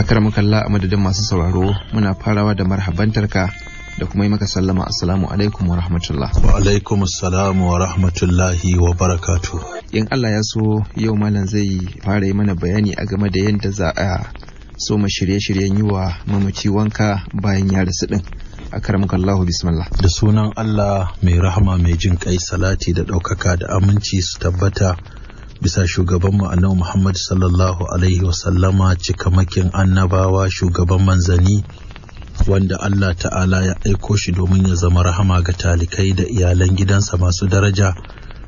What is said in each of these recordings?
akramakalla a madadin masu sauraro muna farawa da marhabantarka da kuma yi maka sallama assalamu alaikum wa rahmatullah wa alaikum assalamu wa rahmatullahi wa barakatu in Allah ya so yau malam zai fara yi mana bayani a game da yadda za a so ma shirye-shiryen yi wa mamaci wanka bayan ya rasu din akramukallahu bismillah da sunan Allah mai rahama mai jin kai salati da ɗaukaka da aminci su tabbata bisa shugaban mu annabi Muhammad sallallahu alaihi wasallama cikamakin annabawa shugaban manzani wanda Allah ta'ala ya aiko shi domin ya zama rahama ga talikai da iyalan gidansa masu daraja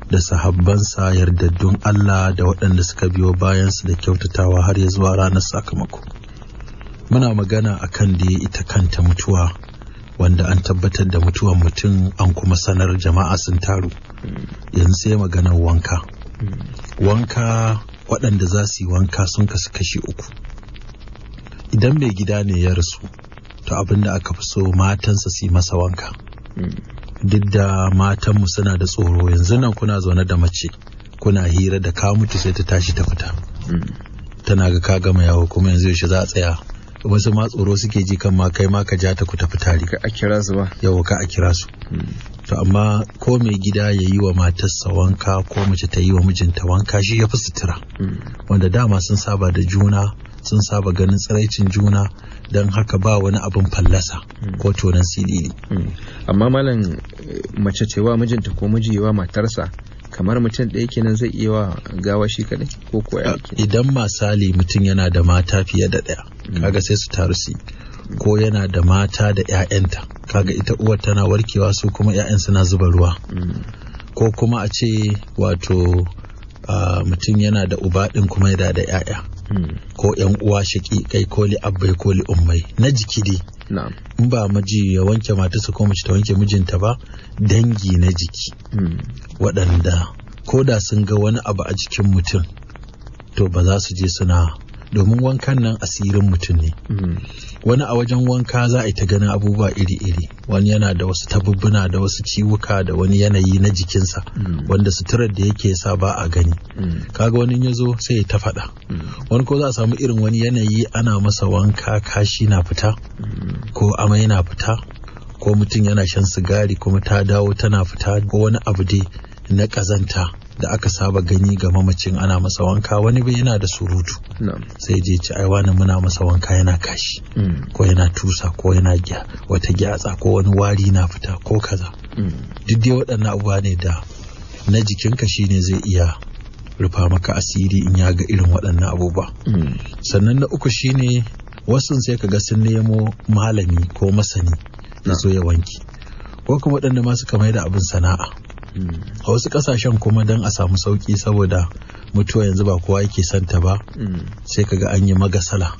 da sahabbansa yardaddun Allah da waɗanda suka biyo bayansu da kyautatawa har ya zuwa ranar sakamako. Muna magana a kan da ita kanta mutuwa wanda an tabbatar da mutuwan mutum an kuma sanar jama'a sun taru yanzu sai maganar wanka. wanka waɗanda za su yi wanka sun kasu kashi uku idan mai gida ne ya rasu to abinda aka fi so matansa su yi masa wanka duk da matanmu suna da tsoro yanzu nan kuna zaune da mace kuna hira da ka mutu sai ta tashi ta fita tana ga ka gama yawo kuma yanzu yaushe za a tsaya wasu ma tsoro suke ji kan ma kai ma ka ja ta ku tafi tare ka a kira su ba yau ka a kira su to amma ko mai gida ya yi wa matarsa wanka ko mace ta yi wa mijinta wanka shi ya fi sutura wanda dama sun saba da juna sun saba ganin tsiraicin juna don haka ba wani abin fallasa ko tonan silili amma malam mace cewa mijinta ko miji wa matarsa kamar mutum ɗaya kenan zai iya wa gawa shi kaɗai ko koya idan masali mutum yana da mata fiye da ɗaya hmm. kaga sai su taru su ko yana da mata da 'ya'yanta kaga ita uwar tana warkewa su kuma 'ya'yan suna zuba ruwa ko kuma a ce wato mutum yana da uba ɗin kuma yana da 'ya'ya ko 'yan uwa shaƙi kai koli abbai koli ummai na jiki dai in ba maji ya wanke matarsa ko mace ta wanke mijinta ba dangi na jiki waɗanda ko da sun ga wani abu a jikin mutum to ba za su je suna domin wankan nan asirin mutum ne hmm. wani a wajen wanka za a yi ta ganin abubuwa iri-iri wani yana da wasu tabubbuna da wasu ciwuka da wani yanayi na jikinsa hmm. wanda suturar da yake sa ba a gani hmm. kaga wani ya zo sai ya ta faɗa wani ko za a samu irin wani yanayi ana masa wanka kashi na fita ko amai na fita ko mutum yana shan sigari kuma ta dawo tana fita ko wani abu dai na ƙazanta da aka saba gani ga mamacin ana masa wanka wani bai yana da surutu sai je ci ai wani muna masa wanka yana kashi mm. ko yana tusa ko yana gya wata gyatsa ko wani wari na fita ko kaza mm. duk dai waɗannan abubuwa ne da na jikinka shine zai iya rufa maka asiri in ya ga irin waɗannan abubuwa mm. sannan na uku shine wasu sai ka ga sun nemo malami ko masani da zo ya wanki ko kuma waɗanda masu kamar da abin sana'a a wasu kasashen kuma don a samu sauki saboda mutuwa yanzu ba kowa yake santa ba mm. sai kaga an yi magasala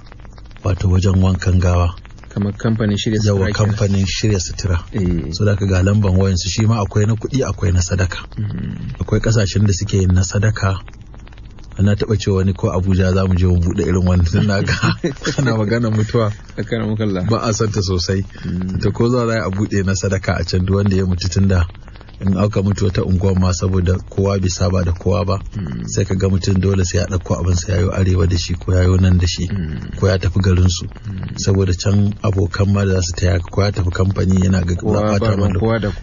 wato wajen wankan gawa kamar kamfanin shirya sutura yawa kamfanin shirya sutura eh. so da ga lamban wayansu shi ma akwai na kuɗi akwai na sadaka mm. akwai kasashen da suke yin na sadaka na taɓa cewa wani ko abuja za mu je mu buɗe irin wani tun na ga ana magana mutuwa ba a santa sosai mm. ta ko za a buɗe na sadaka a can duk wanda ya mutu tun da in aka mutu wata unguwar ma saboda kowa bai saba da kowa ba hmm. sai ka ga mutum dole sai ya ɗauko abin sa yayo arewa da shi ko yayo nan da shi hmm. ko ya tafi garin su hmm. saboda can abokan ma da za su taya ko ya tafi kamfani yana ga fata ma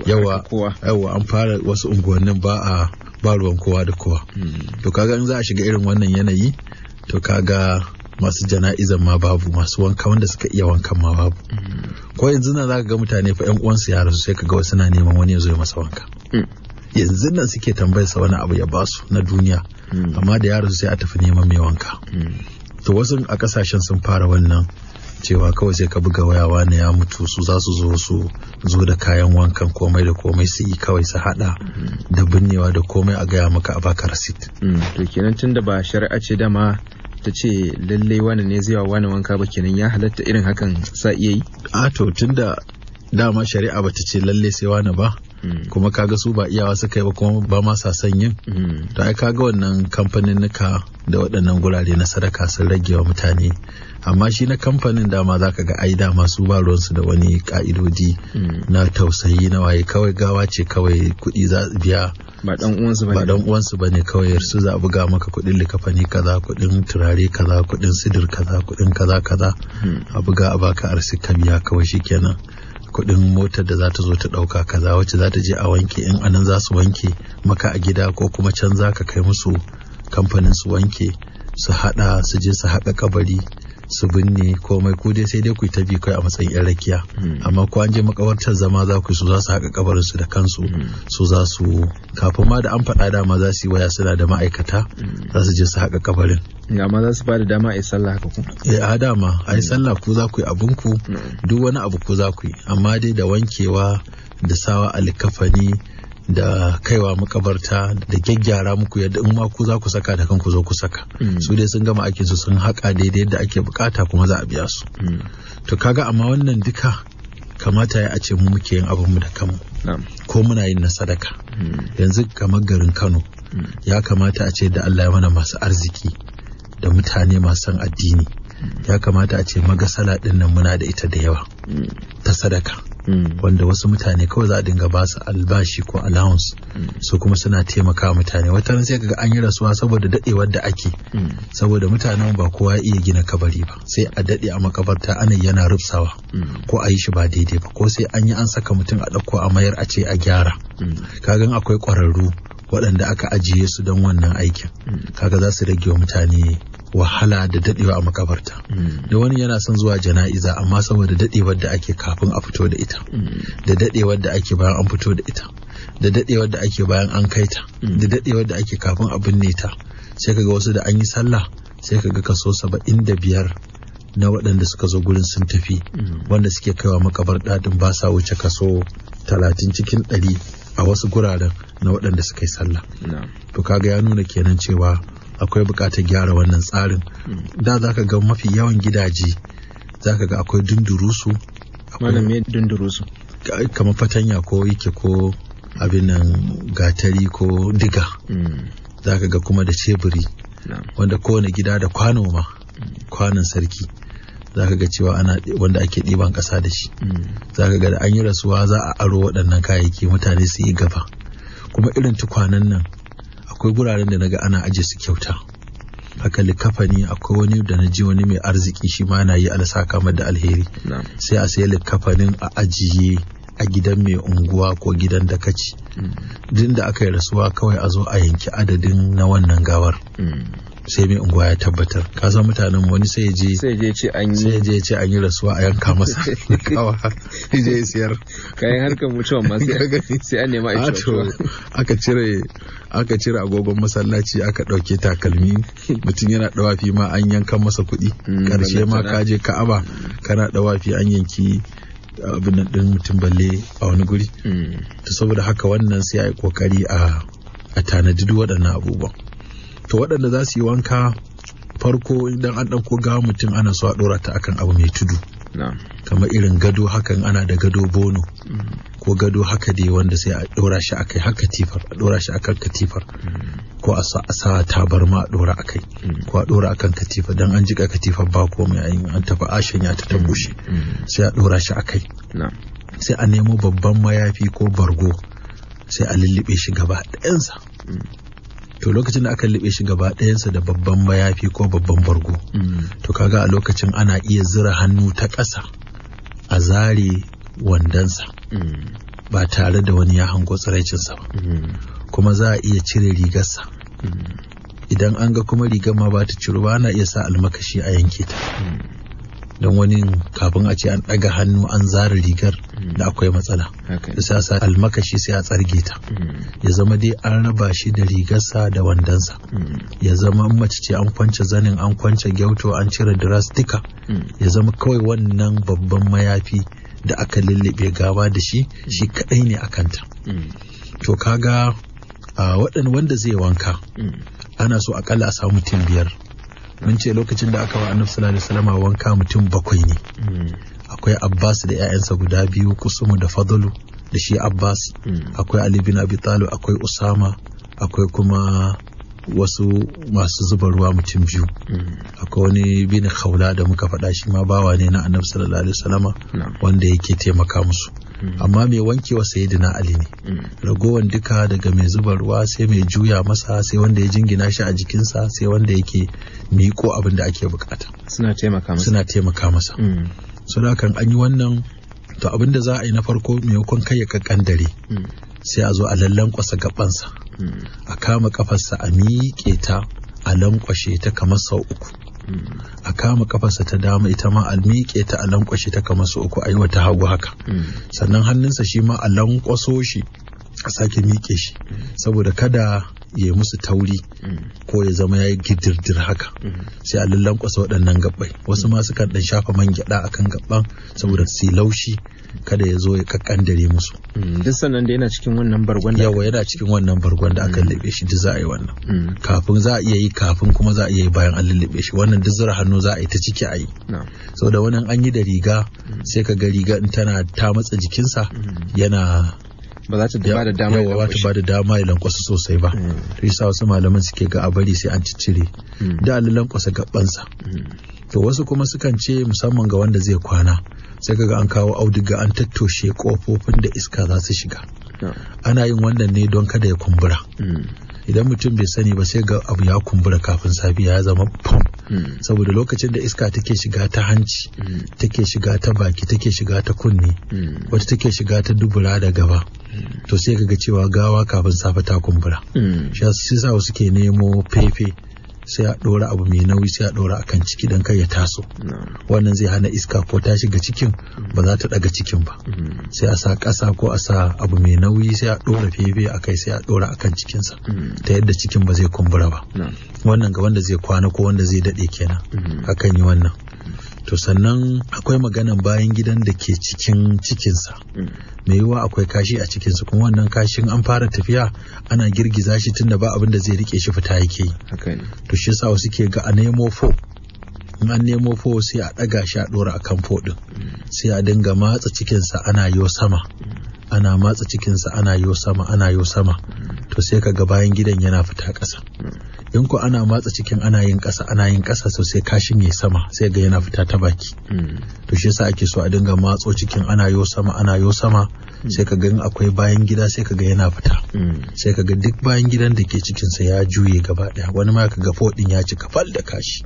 yawa yawa an fara wasu unguwannin ba a ba ruwan kowa da kowa to kaga in za a shiga irin wannan yanayi to kaga masu jana'izan ma babu masu wanka wanda suka iya wankan ma babu ko yanzu nan zaka ga mutane fa yan uwansu ya rasu sai ka ga wasu na neman wani ya zo ya masa wanka mm. yanzu nan suke tambayar sa wani abu ya basu na duniya mm. amma da ya rasu sai a tafi neman mai wanka mm. to wasu a kasashen sun fara wannan cewa kawai sai ka buga wayawa na ya mutu su za su zo su zo da kayan wankan komai da komai su yi kawai su hada da binnewa da komai a gaya maka a baka rasit. to kenan tun da ba shari'a ce da ma. ta ce lalle wani ne zai wa wani wanka ba kenan ya halatta irin hakan sa iya yi a to da dama shari'a ba ta ce lalle sai wani ba hmm. kuma kaga su ba iyawa suka yi ba kuma ba ma sa yin hmm. to kaga wannan kamfanin nuka da waɗannan gurare na sadaka sun rage wa mutane amma shi na kamfanin dama za ka ga ai dama su ba ruwansu da wani ka'idodi hmm. na tausayi na waye kawai gawa ce kawai kuɗi za biya ba dan uwansu ba ne kawai su za buga maka kuɗin likafani kaza kuɗin turare kaza kuɗin sidir kaza kuɗin kaza kaza hmm. a buga a baka arsika biya kawai kenan. kuɗin motar da za ta zo ta ɗauka kaza wacce za ta je a wanke in anan za su wanke maka a gida ko kuma can za ka kai musu kamfanin su wanke su hada su je su haƙa kabari su binne komai ko dai sai dai ku ta bi kai a matsayin yan rakiya hmm. amma ko an je makabartar zama za ku su za su haƙa kabarin su da kansu hmm. su za su kafin ma da an faɗa dama za su yi waya suna da ma'aikata hmm. za su je su haƙa kabarin amma za su ba da dama a yi sallah haka ku eh a dama a yi sallah ku za ku yi abun ku duk wani abu ku za ku yi amma dai da wankewa da sawa alikafani da kaiwa makabarta da gyaggyara muku yadda in ma ku za ku saka da kanku zo ku saka mm. su dai sun gama aikinsu sun haƙa daidai yadda ake bukata kuma za a biya su mm. to kaga amma wannan duka kamata ya ce mu muke yin abinmu da kanmu ko muna yin na sadaka mm. yanzu kamar garin kano ya kamata a ce da allah ya mana masu arziki da mutane masu addini ya kamata a ce magasala ɗin nan muna da ita da yawa ta sadaka wanda wasu mutane kawai za a dinga ba su albashi ko allowance su kuma suna taimaka mutane wata sai kaga an yi rasuwa saboda dadewar da ake saboda mutanen ba kowa iya gina kabari ba sai a dade a makabarta ana yana rufsawa ko a yi shi ba daidai ba ko sai an yi an saka mutum a ɗauko a mayar a ce a gyara kagan akwai kwararru waɗanda aka ajiye su don wannan aikin kaga za su rage wa mutane wahala da dadewa a makabarta mm. da wani yana son zuwa jana'iza amma saboda dadewar da ake kafin a fito da ita mm. da dadewar da ake bayan an fito da ita da dadewar da ake bayan an kai ta mm. da dadewar da ake kafin a binne ta sai kaga wasu da an yi sallah sai kaga kaso saba'in da biyar na waɗanda suka zo gurin sun tafi wanda suke kaiwa makabarta din ba sa wuce kaso talatin cikin ɗari a wasu guraren na waɗanda suka yi sallah to kaga ya nuna kenan cewa akwai bukatar gyara wannan tsarin hmm. da za ka ga mafi yawan gidaje za ka ga akwai dundurusu malam dundurusu kamar fatanya ko yake ko abin nan gatari ko diga hmm. za ka ga kuma da ceburi wanda kowane gida da kwano ma hmm. kwanon sarki za ka ga cewa ana wanda ake ɗiban ƙasa da shi za ka ga da an yi rasuwa za a aro waɗannan kayayyaki mutane su yi gaba kuma irin tukwanen nan akwai wuraren da naga ana aje su kyauta haka likafani akwai wani da na ji wani mai arziki shi ma na yi alasaka da alheri sai a sayi likafanin a ajiye a gidan mai unguwa ko gidan da kaci din da aka yi rasuwa kawai a zo a yanki adadin na wannan gawar sai mai unguwa ya tabbatar ka san mutanen wani sai ya je sai ce an yi ya ce an yi rasuwa a yanka masa kawa je siyar kayan harkar mutuwa ma sai an nema a aka cire aka cire agogon masallaci aka dauke takalmi mutum yana dawafi ma an yanka masa kuɗi mm, karshe ma ka ka'aba kana dawafi an yanki abin nan din mutum balle a wani guri mm. to saboda haka wannan sai a yi kokari a a tanadi duk waɗannan abubuwan to waɗanda za su yi wanka farko idan an ɗauko gawa mutum ana so a ɗora ta akan abu mai tudu kamar irin gado hakan ana da gado bono mm. ko gado haka dai wanda sai a ɗora shi a kai haka tifar a ɗora shi a kan katifar hmm. ko a sa tabarma a ɗora a kai hmm. ko a ɗora a kan katifa don an jika katifar ba komai an tafi ashen ya ta tambushe hmm. sai a ɗora shi a kai sai a nemo babban mayafi ko bargo sai a lullube shi gaba ɗayansa to lokacin da aka lullube shi gaba ɗayansa da babban mayafi ko babban bargo to kaga a lokacin ana iya zira hannu ta ƙasa a zare wandansa mm. ba tare da wani ya hango tsiraicinsa ba mm. kuma za a iya cire rigarsa mm. idan an ga kuma rigar ma ba ta ciro ba ana iya sa almakashi a yanke ta don wani kafin a ce an ɗaga hannu an zara rigar da akwai matsala sai a sa almakashi sai a tsarge ta ya zama dai an raba shi da rigarsa da wandansa ya zama mace ce an kwance zanin an kwance gyauto an cire diras duka ya zama kawai wannan babban mayafi da aka lullube gawa da shi shi kadai ne a kanta mm. to kaga waɗanda wanda zai wanka mm. ana so a akalla a samu mutum biyar mun ce lokacin da aka wa annabi sallallahu alaihi wasallam wanka mutum bakwai ne mm. akwai abbas da 'ya'yansa guda biyu kusumu da fadlu da shi abbas akwai ali bin abi talib akwai usama akwai kuma wasu masu zuba ruwa mutum biyu akwai wani bin haula da muka faɗa shi ma bawa ne na annabi sallallahu alaihi wasallama wanda yake taimaka musu hmm. amma mai wankewa sayyidina ali ne hmm. ragowan duka daga mai zuba ruwa sai mai juya masa sai wanda ya jingina shi a jikinsa sai wanda yake miko abin da ake bukata suna taimaka masa suna taimaka masa hmm. an yi wannan to abinda za a yi na farko hukun kai ya dare. sai a zo a lallankwasa gabansa hmm. a kama kafarsa a miƙe ta a lankwashe ta kamar sau uku hmm. a kama kafarsa ta dama ita ma a miƙe ta a lankwashe ta kamar sau uku a yi wata hagu haka hmm. sannan hannunsa shi ma a lankwaso shi a sake miƙe shi saboda kada ya yi musu tauri ko ya zama ya yi gidirdir haka sai a kwasa waɗannan gabbai wasu ma sukan ɗan shafa man gyaɗa akan gabban saboda su laushi kada ya zo ya kakkandare musu duk sannan da yana cikin wannan bargon da yawa yana cikin wannan bargon da aka laɓe shi duk za a yi wannan kafin za a iya yi kafin kuma za a iya yi bayan an lullube shi wannan duk zura hannu za a yi ta ciki a yi saboda wannan an yi da riga sai ka ga riga in tana ta matsa jikinsa yana ba za ta ba da dama ya lankwasa ba da dama ya lankwasa sosai ba risa hmm. wasu malaman suke ga a bari sai an ciccire hmm. da a lankwasa gabansa hmm. to wasu kuma sukan ce musamman ga wanda zai kwana sai kaga an kawo auduga an tattoshe kofofin da iska za su shiga ana yin wannan ne don kada ya kumbura idan mutum bai sani ba sai ga abu ya kumbura kafin safiya ya zama pum saboda lokacin da iska take shiga ta hanci take shiga ta baki take shiga ta kunne. wata take shiga ta dubura da gaba to sai kaga cewa gawa kafin safe ta kumbura hmm. shi sa wasu ke nemo fefe sai a ɗora abu mai nauyi sai a ɗora kan ciki don kai ya taso wannan zai hana iska ko ta shiga cikin ba za ta daga cikin ba hmm. sai a sa ƙasa ko a sa abu mai nauyi sai a ɗora fefe a kai sai a ɗora kan cikinsa hmm. ta yadda cikin ba zai kumbura ba wannan ga wanda zai kwana ko wanda zai daɗe kenan akan yi wannan to sannan akwai maganan bayan gidan da ke cikin cikinsa mai mm. yiwuwa akwai kashi a cikinsa kuma wannan kashin an fara tafiya ana girgiza shi tunda ba abin da zai rike shi fita yake to shi yasa wasu ke ga a nemo fo in an nemo fo sai a ɗaga shi a ɗora a fo ɗin mm. sai a dinga matsa cikinsa ana yo sama mm. ana matsa cikinsa ana yo sama ana yo sama to sai ka bayan gidan yana fita ƙasa in ko ana matsa cikin ana yin ƙasa ana yin ƙasa so sai kashin yayi sama sai ga yana fita ta baki to shi yasa ake so a dinga matso cikin ana yo sama ana yo sama sai ka in akwai bayan gida sai ka ga yana fita sai ka ga duk bayan gidan da ke cikin sa ya juye gaba ɗaya wani ma ka ga fodin ya cika fal da kashi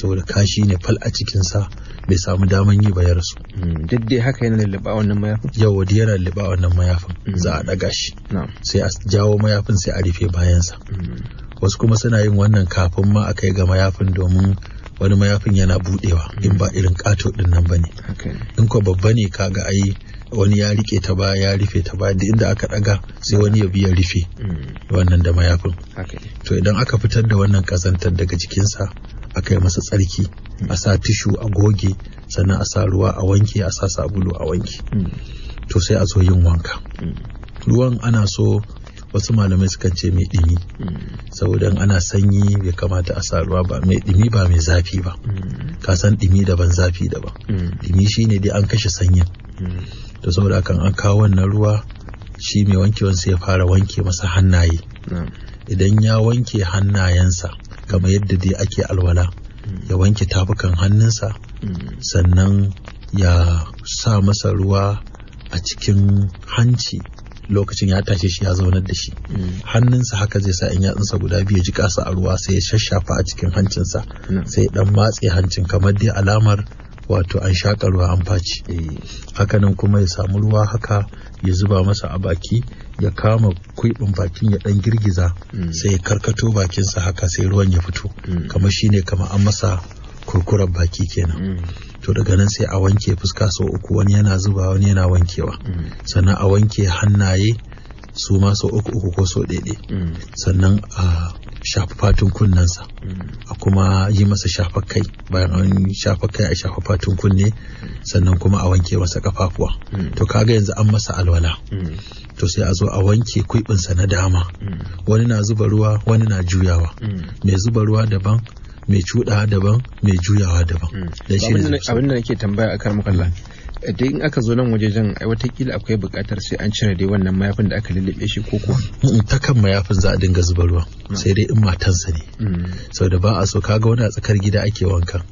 saboda kashi ne fal a cikin sa bai samu daman yi ba ya rasu mm, duk dai haka yana lalluba wannan mayafin Yau dai yana lalluba wannan mayafin mm. za a ɗaga shi sai a jawo mayafin sai a rufe bayansa mm. wasu kuma suna yin wannan kafin ma a kai ga mayafin domin wani mayafin yana budewa in ba irin kato din nan bane in ko babba ne kaga ai wani ya rike ta ba ya rufe ta ba da inda aka daga sai wani ya biya rufe mm. wannan da mayafin to idan aka fitar da wannan kazantar daga jikinsa aka yi masa tsarki mm. a sa tishu a goge sannan a sa ruwa a wanke a sa sabulu a wanke mm. to sai a zo yin wanka ruwan ana so wasu malamai sukan ce mai ɗumi saboda ana sanyi bai kamata a sa ruwa ba mai ɗumi ba mai zafi ba ka san ɗumi daban zafi daban ɗumi shine dai an kashe sanyin to saboda kan an kawo wannan ruwa shi mai wanke wansa ya fara wanke masa hannaye idan ya wanke hannayensa kamar yadda dai ake alwala ya wanke tafukan hannunsa sannan ya sa masa ruwa a cikin hanci lokacin ya tashe shi ya zaunar da shi hannunsa haka zai sa in yatsunsa guda biyu ji kasa a ruwa sai ya shashafa a cikin hancinsa mm. sai dan matse hancin kamar dai alamar wato an shaƙa ruwa an faci eh. hakanan kuma ya samu ruwa haka ya zuba masa a baki ya kama kuibin bakin ya ɗan girgiza mm. sai ya karkato bakinsa haka sai ruwan ya fito mm. kamar shine kamar an masa kurkurar baki kenan to daga nan sai a wanke fuska sau uku wani yana zuba wani yana wankewa mm. sannan a wanke hannaye su ma sau uku uku ko sau ɗaiɗe mm. sannan a shafa fatun kunnensa mm. a kuma yi masa shafa kai bayan an shafa kai a shafa fatun kunne sannan kuma a wanke masa kafafuwa to kaga yanzu an masa alwala to sai a zo a wanke kuibinsa na dama wani na zuba ruwa wani na juyawa mai zuba ruwa daban mai cuɗa daban mai juyawa daban mm. da shi abin da nake tambaya akan mukalla da in aka zo nan waje wajejen watakila akwai buƙatar sai an cire dai wannan mayafin da aka lullube shi ko kuwa ta kan mayafin za a dinga zuba ruwa mm. sai dai in matan sa ne mm. sau da ba a so kaga wani a tsakar gida ake wanka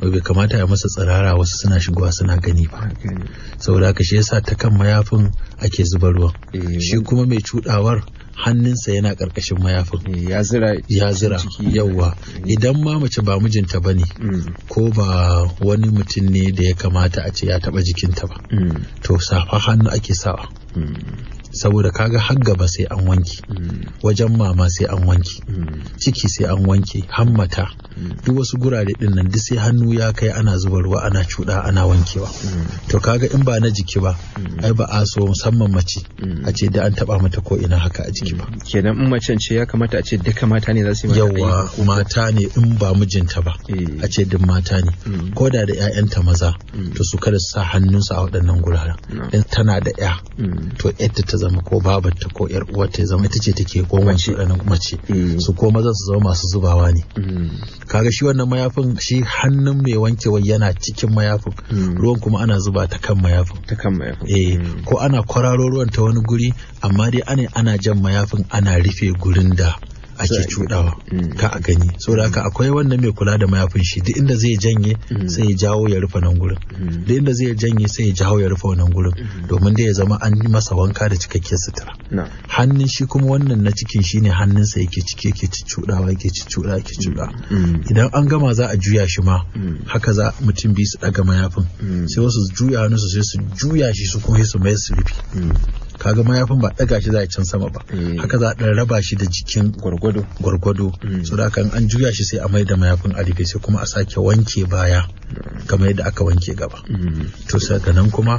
ba bai kamata ya masa tsirara wasu suna shigowa suna gani ba saboda ka shi yasa ta kan mayafin ake zuba ruwa eh. shi kuma mai cudawar hannunsa yana ƙarƙashin mayafin eh, ya zira ya zira yawa mm. idan ma mace ba mijinta ba ne mm. ko ba wani mutum ne da ya kamata a ce ya taɓa jikinta ba mm. to safa hannu ake sawa saboda kaga har gaba sai an wanke mm. wajen mama sai an wanke mm. ciki sai an wanke hammata mm. duk wasu gurare din nan duk sai hannu ya kai ana zuba ruwa ana cuɗa ana wankewa to kaga in ba na jiki ba ai ba a so musamman mace a ce da an taba mata ko ina haka a jiki ba kenan in macen ce ya kamata a ce duka mata ne za su yi yawa mata ne in ba mijinta ba eh. a ce duk mata ne ko da da 'ya'yanta maza to su kada su sa hannunsu a waɗannan guraren tana da 'ya to 'yarta ta zama ko babarta ko yar uwarta ya zama ita ce take goman su ɗanin mace mm. su ko maza su zama masu zubawa ne mm. kaga shi wannan mayafin shi hannun mai wankewa yana cikin mayafin mm. ruwan kuma ana zuba ta kan mayafin ta kan mayafin eh ko ana kwararo ruwan ta wani guri amma dai ana jan mayafin ana rufe gurin da ake cudawa mm. ka a gani saboda haka mm. akwai wannan mai kula da mayafin shi duk inda zai janye mm. sai ya jawo ya rufe nan gurin duk inda zai janye sai ya jawo ya rufe wannan gurin domin dai ya zama an yi masa wanka da cikakken sutura hannun shi kuma wannan na cikin shi shine hannunsa yake cike yake cudawa yake cuda yake idan an gama za a juya shi ma haka za mutum biyu su daga mayafin sai wasu juya wani su sai su juya shi su kuma su mai su rufe kaga mayafin ba daga shi za a can sama ba eh. haka za a dan raba shi da jikin gwargwado gwargwado hmm. so da kan an juya shi sai a mai da mayafin a rufe sai kuma a sake wanke baya kamar yadda aka wanke gaba hmm. to saka nan kuma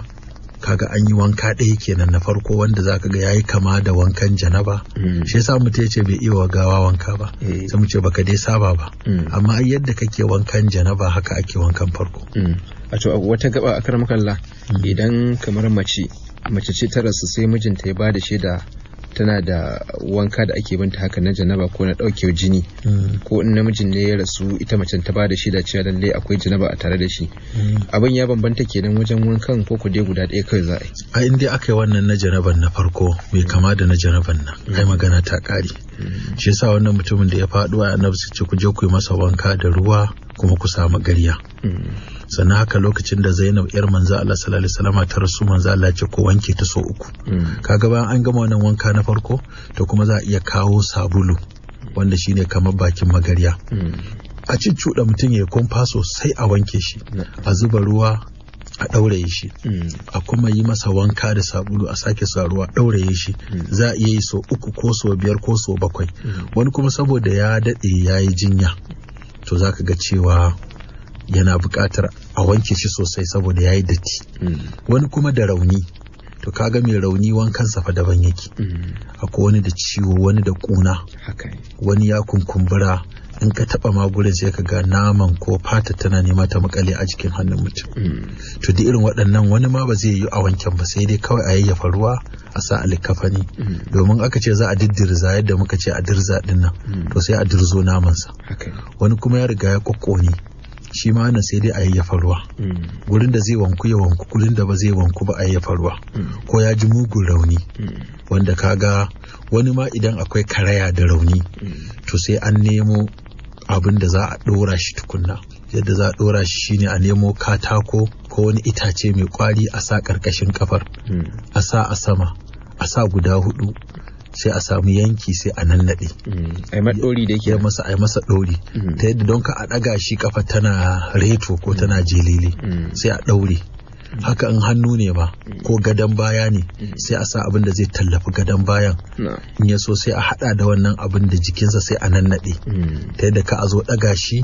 kaga an yi wanka ɗaya kenan na farko wanda za zaka ga yayi kama da wankan janaba hmm. shi yasa mutum ya ce bai iya gawa wanka ba eh. sai mu ce baka dai saba ba amma yadda kake wankan janaba haka ake wankan farko a to wata gaba a karamakalla idan kamar mace mace ce ta rasu sai mijinta ya ba da shaida tana da wanka da ake binta haka na janaba ko na ɗaukewar jini mm. ko in namijin ne ya rasu ita macen ta bada shi da cewa lallai akwai janaba a tare da shi mm. abin ya bambanta kenan wajen wankan ko ku dai guda ɗaya kai za a inda dai aka yi wannan na janaban na farko mai mm. kama da na janaban nan Ai magana ta ƙare shi yasa wannan mutumin da ya faɗo a annabi ce ku je ku yi masa wanka da ruwa kuma ku samu garya sannan haka lokacin da Zainab yar manzo Allah sallallahu alaihi wasallam ta rasu manzo Allah ce ko wanke ta so uku mm. kaga bayan an gama wannan wanka na farko to kuma za a iya kawo sabulu wanda shine kamar bakin magarya mm. a cuɗa mutum ya kumfa sosai a wanke shi a zuba ruwa a ɗauraye shi mm. a kuma yi masa wanka da sabulu a sake sa ruwa ɗauraye shi za a iya yi so uku ko so biyar ko so bakwai wani kuma saboda ya daɗe ya yi jinya to za ka ga cewa yana buƙatar a wanke shi sosai saboda ya yi datti mm. wani kuma da rauni to kaga mai rauni wankan safa daban yake mm. akwai wani da ciwo wani da ƙuna. wani ya kunkumbura in ka taɓa magurin sai ka ga naman ko fata tana nema ta makale a jikin hannun mutum mm. to duk irin waɗannan wani ma ba zai yi a wanken ba sai dai kawai a yayyafa ruwa a sa alikafani domin aka ce za a diddirza yadda muka ce a dirza din nan to sai a dirzo namansa wani kuma ya riga ya kokkone shi ma wannan sai dai a yayyafa ruwa gurin mm. da zai wanku ya wanku gurin da ba zai wanku ba a yayyafa ruwa mm. ko ya ji mugun rauni mm. wanda kaga wani ma idan akwai karaya da rauni to sai an nemo abin da za a ɗora shi tukunna yadda za a ɗora shi shine a nemo katako ko wani itace mai kwari a sa ƙarƙashin kafar a sa a sama a sa guda hudu sai a samu yanki sai a nannaɗe. Mm, ai masa ɗori da yake. masa ai masa ɗori. Mm. Ta yadda don ka a ɗaga shi kafa tana reto ko mm. tana jilili sai a ɗaure. Haka in hannu ne ma ko gadon baya ne sai a sa abin da zai tallafi gadon bayan. In ya so sai a haɗa da wannan abin da jikinsa sai a nannaɗe. Ta yadda ka a zo ɗaga shi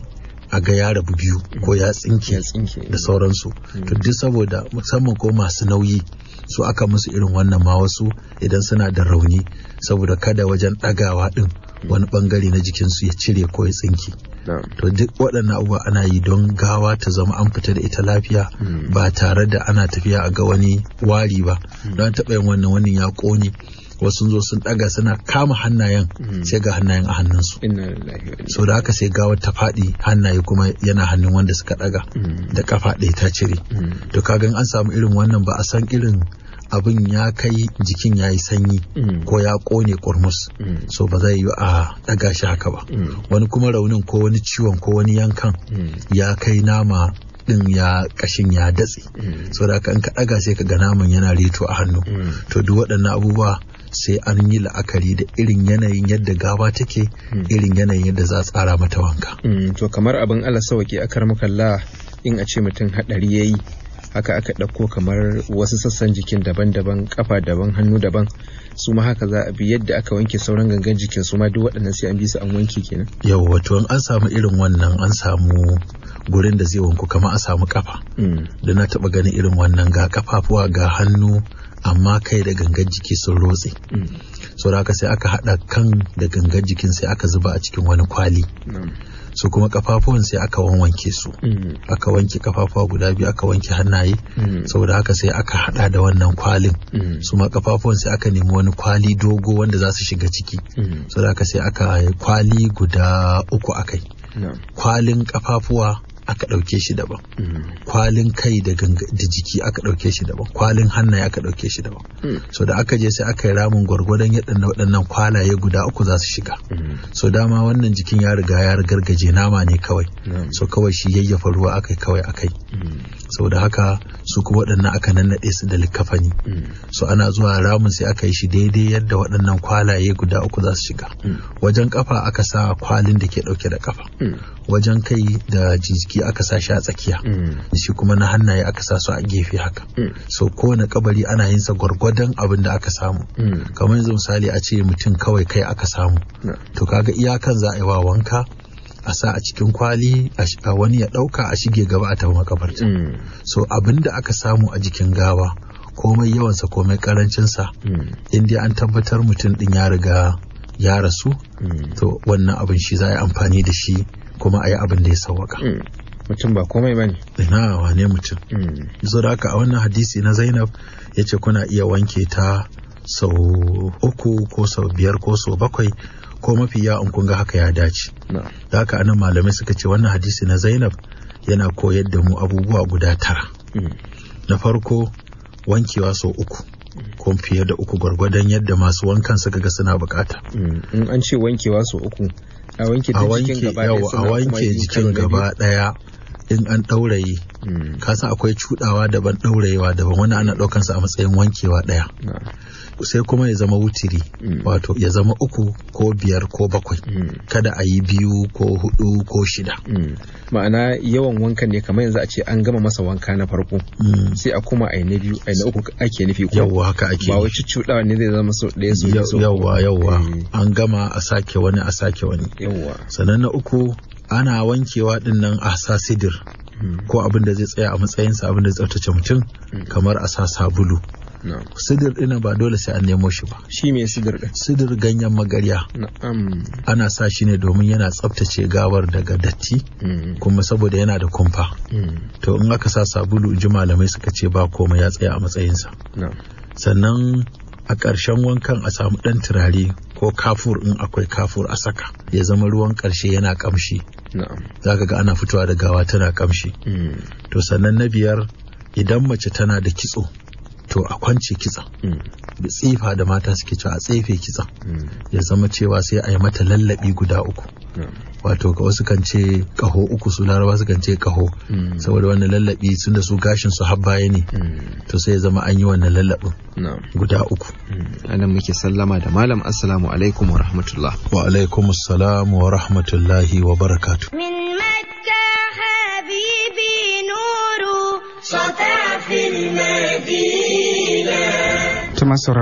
a ga ya rabu biyu ko ya tsinke da sauransu mm. to duk saboda musamman ko masu nauyi su aka musu irin wannan ma wasu idan suna da rauni saboda kada wajen ɗagawa ɗin wani bangare na jikinsu ya cire ko ya tsinke. to duk waɗannan abubuwa ana yi don gawa ta zama an fita da ita lafiya mm. ba tare da ana tafiya a ga wani wari ba mm. don taɓa yin wannan wannan ya ƙone wasu zo sun daga suna kama hannayen hmm. sai ga hannayen a hannunsu so da haka sai gawar ta faɗi hannaye kuma yana hannun wanda suka daga hmm. da kafa ɗaya ta cire hmm. to kagan an samu irin wannan ba a san irin abin ya kai jikin ya yi sanyi ko ya kone kurmus so ba zai yi a daga shi haka ba wani kuma raunin ko wani ciwon ko wani yankan ya kai nama din ya kashin ya datse so da in ka daga sai ka ga naman yana reto a hannu to duk waɗannan abubuwa sai an yi la'akari da irin yanayin yadda gawa take hmm. irin yanayin yadda za a tsara mata wanka hmm, to kamar abin Allah sauke kar in a ce mutum hadari yi haka aka ɗauko kamar wasu sassan jikin daban-daban kafa daban hannu daban su ma haka za a bi yadda aka wanke sauran gangan jikin su ma duk waɗannan sai an bi su an wanke kenan yau wato an samu irin wannan an samu gurin da zai wanku kamar a samu kafa hmm. da na taɓa ganin irin wannan ga kafafuwa ga hannu amma kai da gangan jiki sun rotse mm. so da aka sai aka haɗa kan da gangan jikin sai aka zuba a cikin wani kwali mm. su kuma kafafuwan sai aka wanke su mm. aka wanke kafafuwa guda biyu aka wanke hannaye saboda haka sai aka hada da wannan kwalin su ma kafafuwan sai aka nemi wani kwali dogo wanda za su shiga ciki saboda haka sai aka kwali guda uku akai kwalin kafafuwa aka ɗauke shi daban kwalin kai da jiki aka ɗauke shi daban kwalin hannaye aka ɗauke shi daban hmm. so da aka je sai aka yi ramin gwargwadon yadda waɗannan kwalaye guda uku za su shiga hmm. so dama wannan jikin ya riga ya gargaje nama ne kawai hmm. so kawai shi yayyafa ruwa akai kawai akai so da haka su kuma waɗannan aka nannaɗe su da likafani so ana zuwa ramin sai aka yi shi daidai yadda waɗannan kwalaye guda uku za su shiga wajen kafa aka sa kwalin da ke ɗauke da kafa wajen kai da jiki baki aka sa shi a tsakiya mm. shi kuma na hannaye aka sa su a gefe haka mm. so kowane kabari ana yin sa gwargwadon abin da aka samu mm. kamar yanzu misali a ce mutum kawai kai aka samu to kaga iyakan za a yi wa wanka a sa a cikin kwali a wani ya ɗauka a shige gaba a tafi makabarta so abin da aka samu a jikin gawa komai yawansa komai karancinsa in dai an tabbatar mutum din ya riga ya rasu to wannan abin shi za a yi amfani da shi kuma a yi abin da ya sauwaka. mutum ba komai bane ina wane mutum hmm. so da haka a wannan hadisi na Zainab ya ce kuna iya wanke ta sau uku ko sau biyar ko sau bakwai ko mafi yawan kun ga haka ya dace da haka anan malamai suka ce wannan hadisi na Zainab yana koyar da mu abubuwa guda tara hmm. na farko wankewa sau uku ko fiye da uku gwargwadon yadda masu wankan suka ga suna bukata. Hmm. In an ce wankewa sau uku a wanke jikin gaba daya in an ɗauraye hmm. kasan akwai cudawa daban ɗaurayewa daban wani ana ɗaukansa a matsayin wankewa daya sai kuma ya zama wutiri mm. wato ya zama uku ko biyar ko bakwai mm. kada a yi biyu ko hudu ko shida mm. ma'ana yawan wankan ne kamar yanzu a ce an gama masa wanka na farko sai a kuma a yi na biyu a yi na uku ake nufi ko yawwa haka ake ba wai cuɗawa ne zai zama sau ɗaya sau yawwa yawwa eh. an gama a sake wani a sake wani yawwa sannan na uku ana wankewa din nan a sa sidir ko abin da zai tsaya a matsayinsa abin da zai tsaftace mutum kamar a sa sabulu sidir ɗin ba dole sai an nemo shi ba shi me sidir ɗin sidir ganyen magarya ana sa shi ne domin yana tsaftace gawar daga datti mm. kuma saboda yana da kumfa mm. to in aka sa sabulu ji malamai suka ce ba komai ya tsaya a matsayinsa sannan a ƙarshen wankan a samu ɗan turare ko kafur in akwai kafur a saka ya zama ruwan ƙarshe yana ƙamshi za ka ga ana fitowa da gawa tana ƙamshi mm. to sannan na biyar idan mace tana da kitso to a kwance kitsan mm. da tsifa da mata suke cewa a tsefe kitsan mm. ya zama cewa sai a yi mata lallabi guda uku wato ga wasu kan ce kaho uku su laraba su kan ce kaho mm. saboda wannan lallabi sun da su gashin su har baya ne to sai ya zama an yi wannan lallabin guda uku anan muke sallama da malam assalamu alaikum wa rahmatullah wa alaikum assalam wa rahmatullahi wa barakatuh min makka habibi sata fil madina